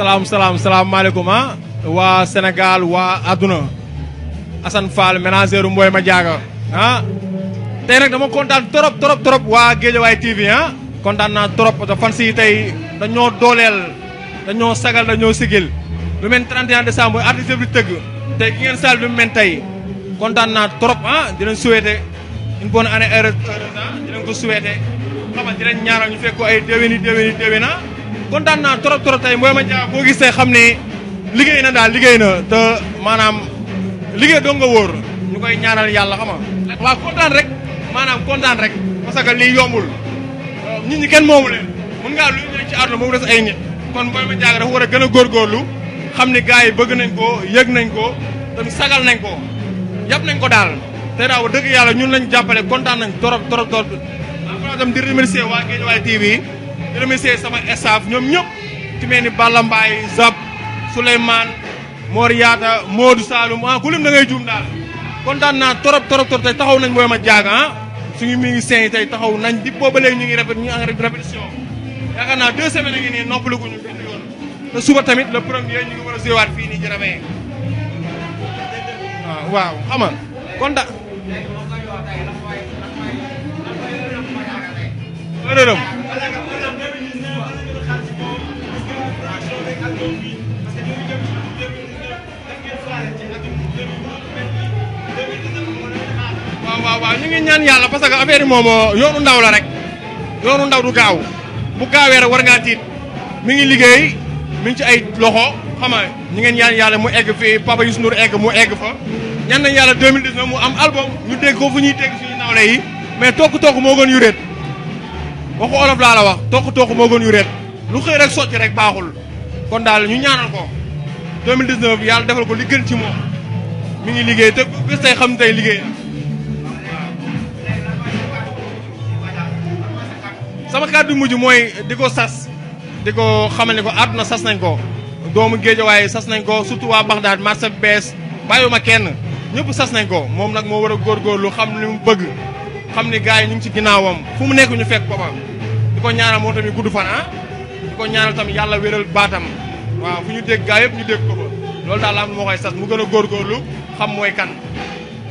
salam salam salam malikum ha wa senegal wa aduna Assane Fall menager mboy ma jaga ha tay nak dama contane torop torop torop wa waa way TV ha contane na torop da fan si tay daño dolel daño sagal daño sigil lu men 31 décembre artiste bi teug tay ki ngeen sal bi men tay contane na torop ha ah di leen souhaiter une bonne année heureuse ah di leen ko souhaiter xam nga di leen ñaanal ñu fekk ko ay deweni deweni déwéna kontaan naa trop trop tey Mboye Mandiaye boo gisee xam ne liggéey na daal liggéey na te maanaam liggéey doo nga wóor ñu koy ñaanal yàlla xam nga waaw kontaan rek maanaam kontaan rek parce que yombul euh, nit ñi kenn moomu leen mën ngaa lu ñu ci àdduna moom des ay nit kon Mboye Mandiaye dafa war a gën a góorgóorlu xam ne gars yi bëgg nañ ko yëg nañ ko te sagal nañ ko yàpp nañ ko daal te daaw dëgg yàlla ñun lañ jàppale kontaan nañ trop trop trop. en remercier sama staff ñom ñep ci melni Balla Mbaye Zab souleyman Moriata Modou salum ah ku lim da ngay joom dal kontan na torop torop torop tay taxaw nañ mooy jaag ah suñu mi ngi seen tay taxaw nañ di bobale ñu ngi rafet ñu ang rek répétition yaakaar naa deux semaines ngi ni noppalugu guñu fi yoon suba tamit le premier ñu ngi wara a fi ni jarame waaw xama kontan nga kontaan waaw waaw ñu ngi ñaan yàlla parce que affaire yi moom yoonu ndaw la rek yoonu ndaw du gaaw bu gaawee rek war ngaa tiit mi ngi liggéey mi ngi ci ay loxo xam nga ñu ngeen ñaan yàlla mu egg fii Papa Youssou Ndour egg mu egg fa ñaan nañ yàlla 2019 mu am album ñu dégg ko fu ñuy dégg suñu nawle yi mais tokk-tokk moo gën yuréet waxu olof laa la wax tokk-tokk moo gën yuréet lu xëy rek sotti rek baaxul kon daal ñu ñaanal ko 2019 yàlla defal ko li gën ci moom mi ngi liggéey te bés tey xam tey liggéey sama kàddu mujj mooy di ko sas di ko xamal ne ko àdduna sas nañ ko doomu waaye sas nañ ko surtout waa Baxdaad marché bu bees ma kenn ñëpp sas nañ ko moom nag moo war a góorgóorlu xam li mu bëgg xam ni gars yi ñu ngi ci ginnaawam fu mu nekk ñu fekk ko fa di ko ñaanal moom tamit gudd fan ah di ko ñaanal tamit yàlla wéral baatam waaw fu ñu dégg gars yëpp ñu dégg ko ba loolu daal la am moo koy sas mu gën a góor góorgóorlu xam mooy kan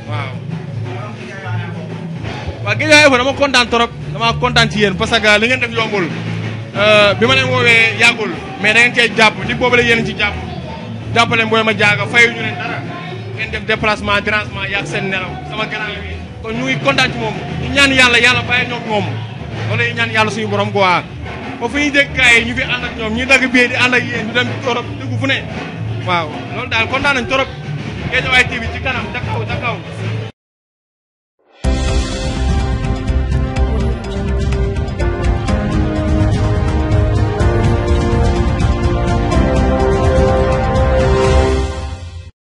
waaw waaw Guédiawaye Infos dama kontaan trop dama kontaan ci yéen parce que li ngeen def yombul euh, bi ma leen woowee yàggul mais da ngeen cee jàpp li boobu la yéen ci jàpp jàppale booy ma jaaga fayu ñu leen dara ngeen def déplacement dérangement yàq seen nelaw sama grand bi kon ñu ngi kontaan ci moom ñu ñaan yàlla yàlla bàyyi ñoom moom loolu la ñaan yàlla suñu borom quoi ba fi ñuy dégg gars ñu fi ànd ñoom ñu dagg bie di ànd ak yéen ñu dem torop dëggu fu ne waaw loolu daal kontaan nañ torop Guédiawaye TV ci kanam ca kaw ca